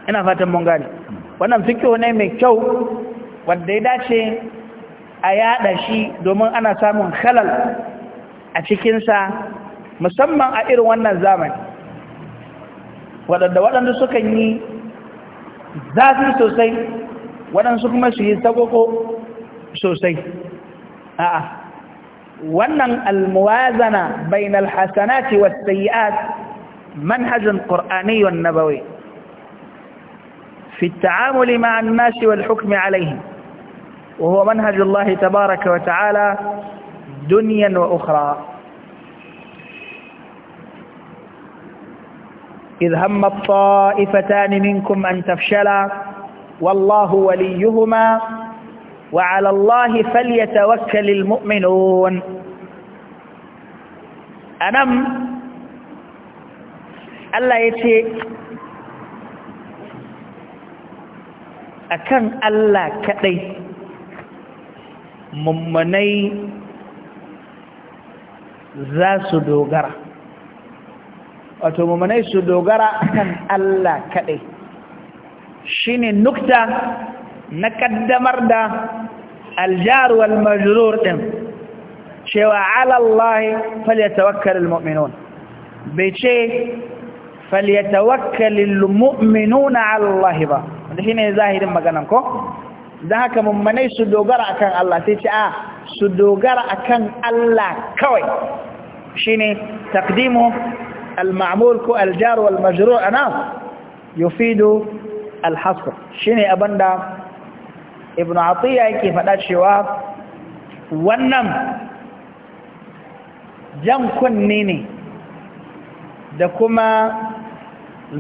ina fatan mun gane wannan fikiyo ne mai kyau wanda ya dace a yada shi domin ana samun halal a cikinsa musamman a irin wannan zamani waɗanda waɗanda suka yi zafi sosai waɗansu kuma su yi sagoko sosai a a wannan almuwazana bainal hasanati was sayyi'at manhajun qur'aniyyun nabawi fi at-ta'amuli في التعامل مع الناس والحكم عليهم وهو منهج الله تبارك وتعالى دنيا وأخرى إذ هم الطائفتان منكم أن تفشلا والله وليهما وعلى الله فليتوكل المؤمنون أنم ألا يتي أكن ألا كأي ممني ذا mummanai wato mummunai su dogara akan Allah kaɗai shine nukta na ƙaddamar da aljaruwal wal ɗin cewa ala Allah falyatawakkalul mu'minun bai ce falyatawakkalul mu'minuna ala Allah ba wanda shine zahirin maganan ko Da haka mummunai su dogara akan Allah sai ce a su dogara akan Allah kawai shine takdimu. al ko al-jar wal Yofido ana yufidu al-hasr shine abanda ibnu yake faɗa cewa wannan jan kunni ne da kuma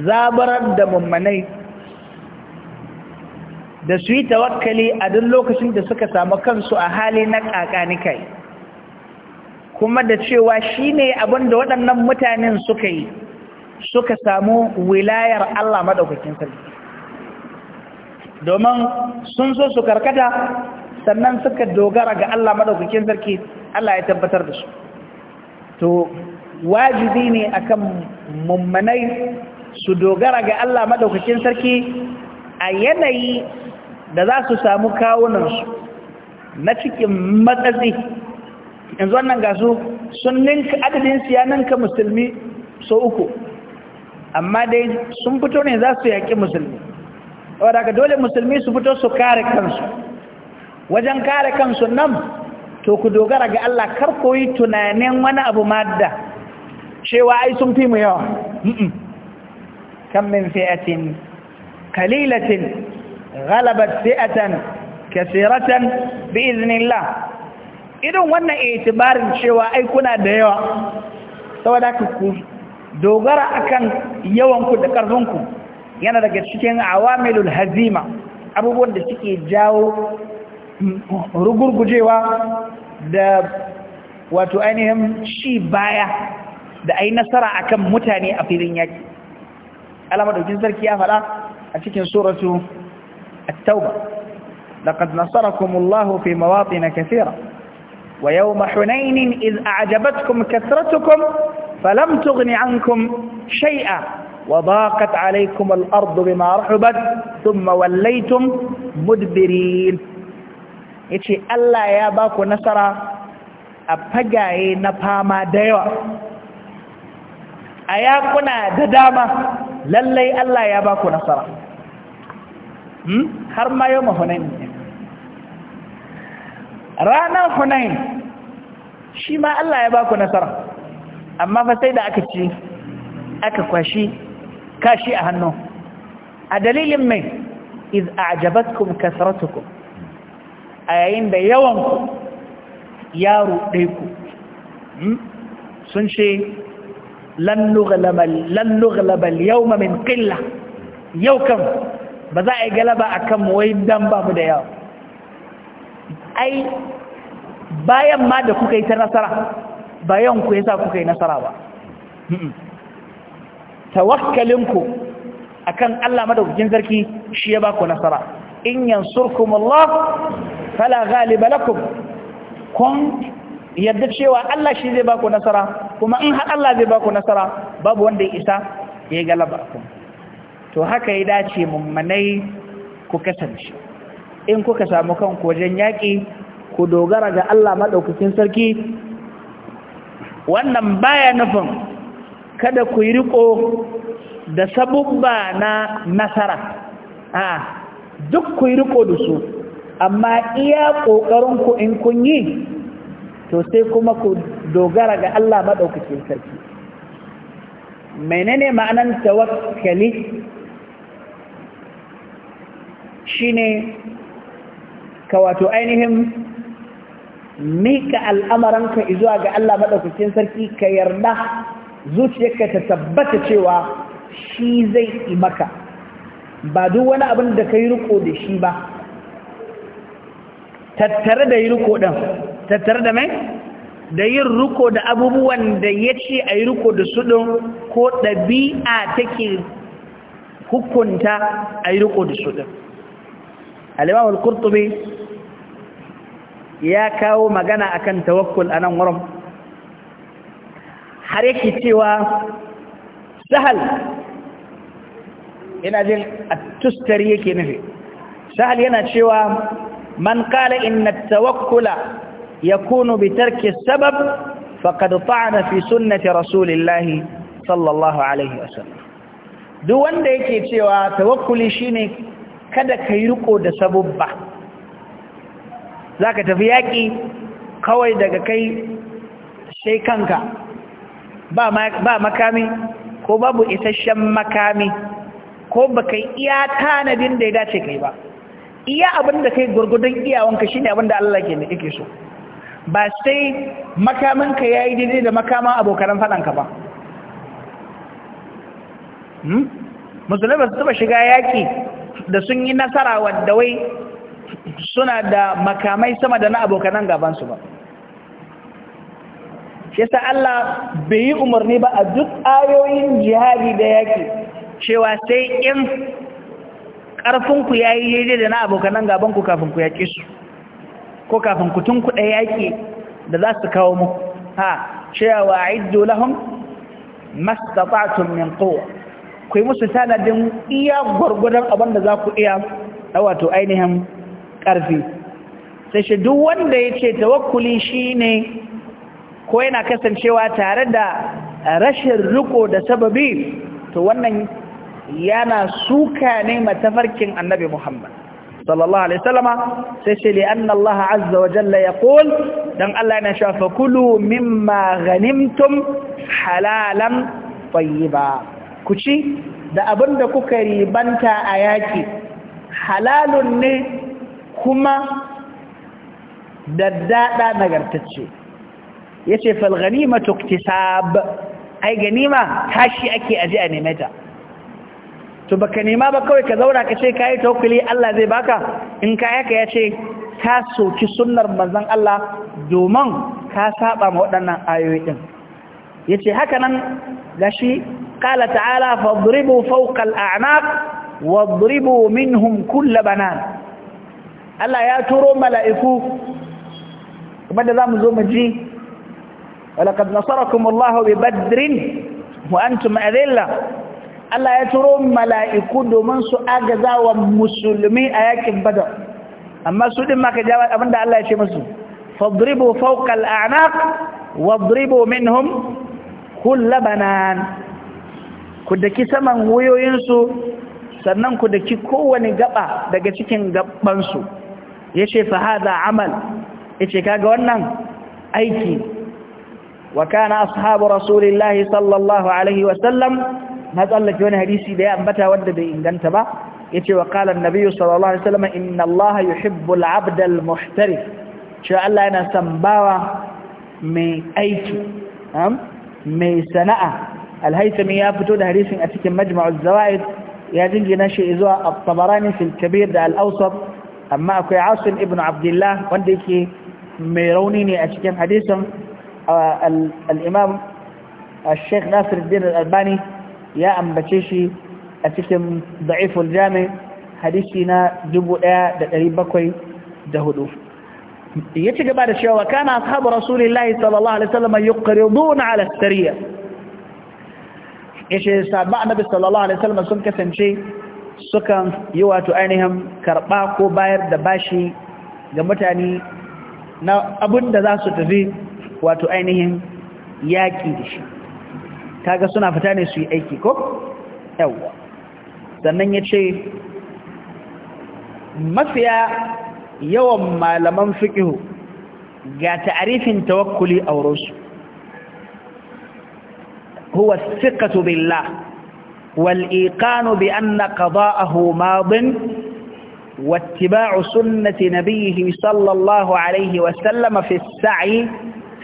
zabarar da mummanai da su yi tawakkali a duk lokacin da suka samu kansu a hali na kai. kuma da cewa shi ne abin da waɗannan mutanen suka yi suka samu wilayar Allah maɗaukakin sarki domin sun so su karkata sannan suka dogara ga Allah maɗaukakin sarki Allah ya tabbatar da su to wajibi ne akan mummanai su dogara ga Allah maɗaukakin sarki a yanayi da za su samu kawunansu na cikin matsatsi yanzu wannan gasu sun ninka adadin siyanan musulmi so uku amma dai sun fito ne za su yaƙi musulmi wadda ka dole musulmi su fito su kare kansu wajen kare kansu nan to ku dogara ga Allah kar koyi tunanin wani abu madda cewa ai sun fi mu yawa kan min fi'atin kalilatin ghalabat fi'atan kasiratan bi iznillah Idan wannan itibarin cewa ai kuna da yawa saboda ku dogara akan yawanku da ku yana daga cikin awamilul hazima abubuwan da suke jawo rugurgujewa da wato ainihin ci baya da ai nasara akan mutane a filin yaki alama daukin sarki ya faɗa a cikin suratu at-tauba laqad nasarakumullahu fi mawatin kathira ويوم حنين إذ أعجبتكم كثرتكم فلم تغن عنكم شيئا وضاقت عليكم الأرض بما رحبت ثم وليتم مدبرين إيشي ألا يا باكو نصرا أبقاي نفاما ديو أياكونا دداما للي ألا يا باكو نصرا هرما يوم yau ranar hunain shi ma Allah ya baku nasara amma fa sai da aka ci aka kwashi kashi a hannu a dalilin mai iz a'jabatkum kasratukum a yayin da yawanku ya rude ku hmm? sun ce lan nughlaba yawma min qilla yau kan ba za a yi galaba akan wai dan ba mu da yawa ai bayan ma da kuka yi ta nasara bayan ku yasa kuka yi nasara ba tawakkalinku akan Allah madaukakin sarki shi ya baku nasara in yansurkum Allah fala ghaliba lakum kun yadda cewa Allah shi zai baku nasara kuma in har Allah zai baku nasara babu wanda ya isa ya galaba to haka ya dace mummanai ku kasance in kuka samu kanku wajen yaƙi ku dogara ga Allah maɗaukakin sarki wannan baya nufin kada ku yi riko da sabubba na nasara a duk ku yi riko da su amma iya ƙoƙarinku in kun yi to sai kuma ku dogara ga Allah maɗaukakin sarki menene ma'anan tawakkali shine ka wato ainihin mika al'amuranka zuwa ga Allah maɗaukacin sarki ka yarda zuciyarka ta tabbata cewa shi zai yi maka ba duk wani abin da ka yi riko da shi ba tattare da yi riko ɗin tattare da mai da yin riko da abubuwan da ya ce a yi riko da su ɗin ko ɗabi'a take hukunta a yi riko da su ɗin al-imam al-qurtubi ya kawo magana akan tawakkul anan wurin har yake cewa sahal ina jin at-tustari yake nufi sahal yana cewa man qala inna at-tawakkula yakunu bi tarki sabab faqad ta'ana fi sunnati rasulillahi sallallahu alaihi sallam duk wanda yake cewa tawakkuli shine kada ka yi riko da sabubba za ka tafi yaƙi kawai daga kai sai kanka ba makami ko babu isasshen makami ko ba yi iya tanadin da ya dace kai ba iya abin da kai gurgudun iyawanka shi ne abin da Allah ke ke so ba sai makaminka ya yi daidai da makaman abokanan faɗanka ba hmm? musulmai ba su taba shiga yaƙi da sun yi nasara wadda wai suna da makamai sama da na abokanan gabansu ba shi yasa Allah bai yi umarni ba a duk ayoyin jihadi da yake cewa sai in ƙarfinku ya yi daidai da na abokanan gabanku kafin ku yaƙe su ko kafin ku tun kuɗa yaƙi da za su kawo mu ha cewa a iddo lahun min ku yi musu tanadin iya gwargwadon abin da za ku iya a wato ainihin ƙarfi sai shi duk wanda ya ce tawakuli shi ne ko yana kasancewa tare da rashin riko da sababi to wannan yana suka ne matafarkin annabi Muhammad sallallahu alaihi salama sai ce li anna Allah azza wa jalla yaqul don Allah yana shafa kulu mimma tun halalan tayyiba ku ci da abin da kuka ribanta a yaki halalun ne kuma daddada nagartacce ya ce falganima tuktisab ai ganima tashi ake aji a neme to baka nema ba kawai ka zauna ka ce kayi tawakkali Allah zai baka in ka yaka ya ce ka soki sunnar manzon Allah domin ka saba ma waɗannan ayoyi din yace haka nan gashi قال تعالى فاضربوا فوق الأعناق واضربوا منهم كل بنان ألا يا ترو ملائكو وماذا ذا مزوم الجي ولقد نصركم الله ببدر وأنتم أذلة ألا يا ترو ملائكو دومن سؤال ومسلمي أياكم بدر أما سؤال ما كجاوة أبدا ألا يشمسوا فاضربوا فوق الأعناق واضربوا منهم كل بنان ku daki saman wuyoyinsu sannan ku daki kowane gaba daga cikin gabansu ya ce fahada amal ya ce kaga wannan aiki wa kana ashabu rasulillahi sallallahu alaihi wasallam na tsallake wani hadisi da ya ambata wadda bai inganta ba ya ce wa kalan nabiyu sallallahu alaihi wasallam inna allaha yuhibbu al'abda al-muhtarif cewa Allah yana sambawa mai aiki mai sana'a alhaisami ya fito da hadisin a cikin majma'uz zawaid ya jingina shi zuwa at-tabarani fil kabir da al-awsat amma akwai asim ibn abdullah wanda yake mai rauni ne a cikin hadisin al-imam al-sheikh nasiruddin al-albani ya ambace shi a cikin da'iful jami hadisi na 1704 ya ci gaba da cewa kana ashabu rasulillahi sallallahu alaihi wasallam yuqriduna ala as-sariya yace saba annabi sallallahu alaihi wasallam sun kasance sukan yi wato ainihin karba ko bayar da bashi ga mutane na abinda da za su tafi wato ainihin yaƙi da shi kaga suna fita ne su yi aiki ko yawa sannan ya ce mafiya yawan malaman fiƙihu ga ta'arifin tawakkuli a wurinsu هو الثقة بالله والإيقان بأن قضاءه ماض واتباع سنة نبيه صلى الله عليه وسلم في السعي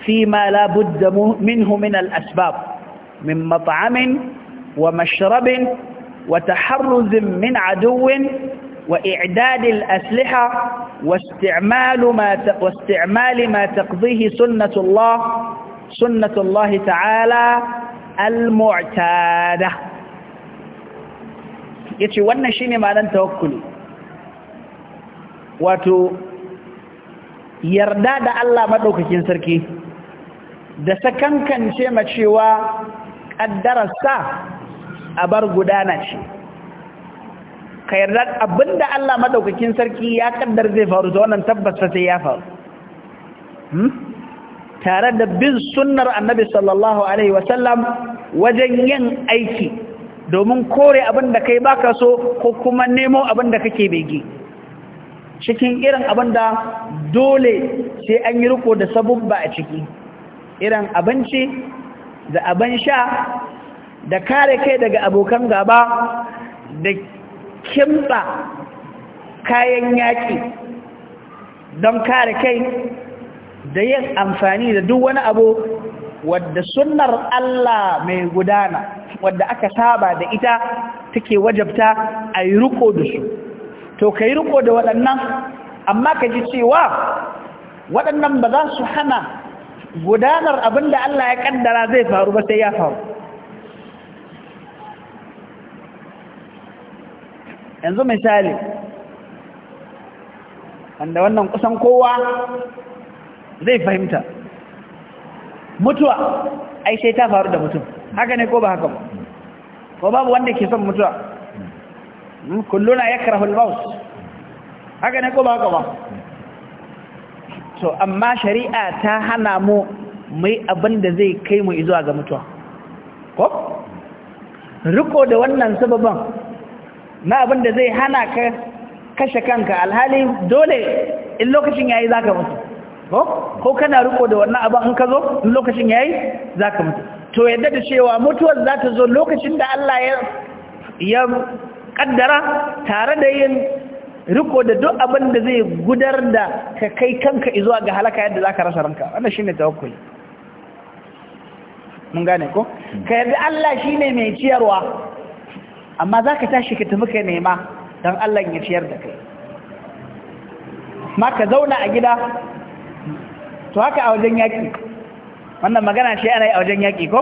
فيما لا بد منه من الأسباب من مطعم ومشرب وتحرز من عدو وإعداد الأسلحة واستعمال ما واستعمال ما تقضيه سنة الله سنة الله تعالى al-mu'tada yace wannan shine malan tawakkuli wato yarda da Allah madaukakin sarki da sakankance ma cewa kaddararsa a bar gudana ce ka yarda abinda Allah madaukakin sarki ya kaddar zai faru to wannan tabbas sai ya faru hmm? tare da bin sunnar annabi sallallahu alaihi wasallam wajen yin aiki domin kore abin da kai baka so ko kuma nemo abin da kake bege cikin irin abin da dole sai an yi riko da ba a ciki irin abinci da abin sha da kare kai daga abokan gaba da kimba kayan yaki don kare kai da yin amfani da duk wani abu wadda sunnar Allah mai gudana wadda aka saba da ita take wajabta a yi riko da su to ka yi riko da waɗannan amma ka ji cewa waɗannan ba za su hana gudanar abin da Allah ya ƙaddara zai faru ba sai ya faru yanzu misali wanda wannan kusan kowa zai fahimta mutuwa ai sai ta faru da mutum haka ne ko ba haka ba ko babu wanda ke son mutuwa hmm, kulluna yakrahu al-maut haka ne ko ba haka ba to amma shari'a ta hana mu mai abin da zai kai mu zuwa ga mutuwa ko riko da wannan sababan na abin da zai hana ka kashe kanka alhali dole in lokacin yayi zaka mutu ko kana riko da wannan abin in ka zo lokacin yayi zaka mutu to yadda da cewa mutuwar za ta zo lokacin da Allah ya ya kaddara tare da yin riko da duk abin da zai gudar da ka kai kanka zuwa ga halaka yadda zaka rasa ranka wannan shine tawakkuli mun gane ko hmm. ka yadda Allah shine mai ciyarwa amma zaka tashi ka tafi ka nema dan Allah ya ciyar da kai ma ka zauna a gida to haka a wajen yaƙi wannan magana shi ana yi a wajen yaƙi ko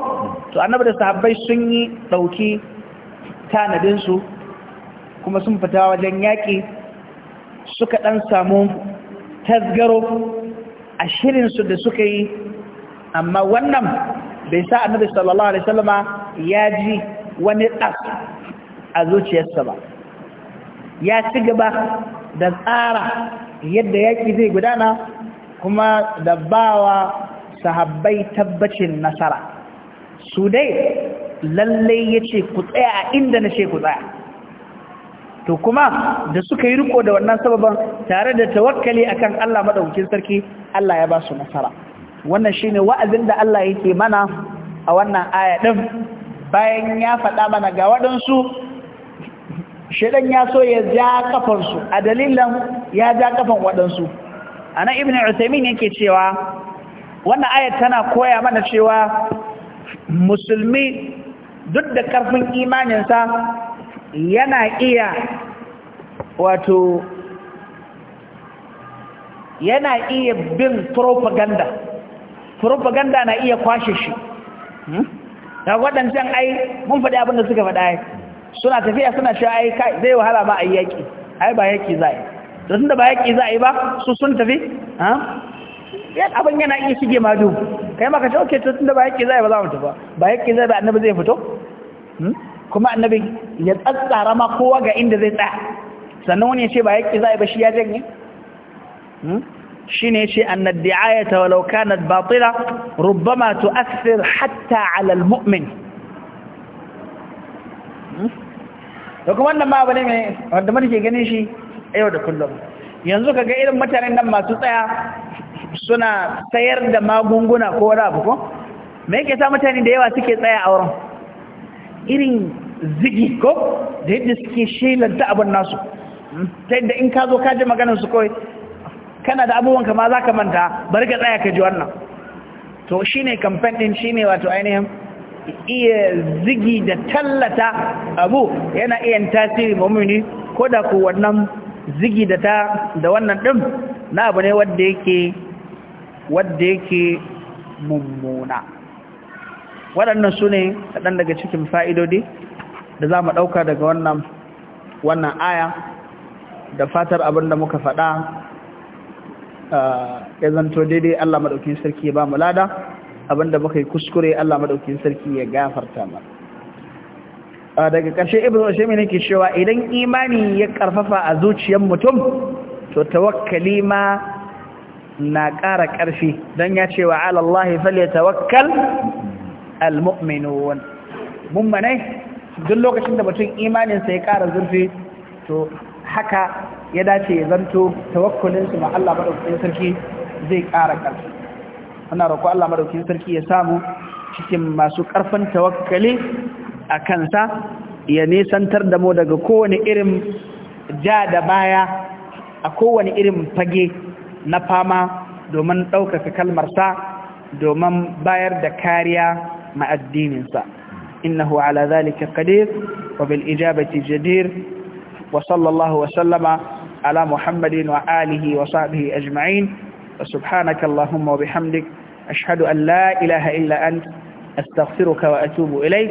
to annabi da sahabbai sun yi ɗauki tanadinsu kuma sun fita wajen yaƙi suka ɗan samu tasgaro a shirinsu da suka yi amma wannan bai sa annabi sallallahu alaihi wasallama ya ji wani ɗas a zuciyarsa ba ya ci gaba da tsara yadda yaƙi zai gudana kuma da bawa sahabbai tabbacin nasara su dai lallai ya ce ku tsaya a inda na ce ku tsaya to kuma da suka yi riko da wannan sababan tare da tawakkali akan Allah madaukakin sarki Allah ya ba su nasara wannan shine wa'azin da Allah yake mana a wannan aya din bayan ya faɗa mana ga waɗansu shedan ya so ya ja kafansu a dalilan ya ja kafan waɗansu Ana ibn usaymin yake cewa wannan ayat tana koya mana cewa musulmi duk da karfin imaninsa yana iya wato yana iya bin propaganda propaganda na iya kwashe shi hmm? da waɗancan ai mun faɗi abin da suka faɗa suna tafiya suna shi ai zai wahala ba a yaƙi ai ba yaƙi za a yi to tunda ba yaƙi za a yi ba su sun tafi abin yana iya shige ma dubu kai maka ce oke tun da ba yaƙi yi ba za mu tafi ba yaƙi zai ba annabi zai fito hmm? kuma annabi ya tsatsara ma kowa ga inda zai tsaya sannan wani ya ce ba yaƙi yi ba shi ya janye hmm? shi ne ce an naddi'ayata walau kanat batila rubbama tu'athir hatta 'ala al-mu'min hmm? to kuma wannan ma ne mai wanda muke ganin shi yau da kullum yanzu ka ga irin mutanen nan masu tsaya suna sayar da magunguna ko wani abu ko me yake sa mutane da yawa suke tsaya a wurin irin zigi ko da yadda suke shelanta abin nasu ta yadda in ka zo ka ji maganin su kawai kana da abubuwan kama za ka manta bari ka tsaya ka ji wannan to shi ne kamfen ɗin shi ne wato ainihin iya zigi da tallata abu yana iya tasiri mummuni ko da ku wannan zigi da ta da wannan ɗin na abu ne wadda yake wadda yake mummuna waɗannan su ne kaɗan daga cikin fa'idodi da za mu ɗauka daga wannan wannan aya da fatar abin da muka faɗa ya zanto daidai Allah maɗaukin sarki ya ba mu lada abin da muka yi kuskure Allah maɗaukin sarki ya gafarta mana Ah, daga ƙarshe ibn ushaymin yake cewa idan imani ya karfafa a zuciyar mutum to tawakkali ma na ƙara ƙarfi don ya ce wa ala Allah falyatawakkal almu'minun mane duk lokacin da mutum imaninsa ya ƙara zurfi to haka ya dace ya zanto tawakkulinsu ma Allah madaukakin sarki zai ƙara ƙarfi ana roƙo Allah madaukakin sarki ya samu cikin masu ƙarfin tawakkali a kansa ya nesantar da mu daga kowane irin ja da baya a kowane irin fage na fama domin ɗaukaka kalmarsa domin bayar da kariya ma addininsa innahu ala zalika qadir wa bil ijabati jadir wa sallallahu wa ala muhammadin wa alihi wa sahbihi ajma'in wa subhanaka allahumma wa bihamdik ashhadu an la ilaha illa ant astaghfiruka wa atubu ilai.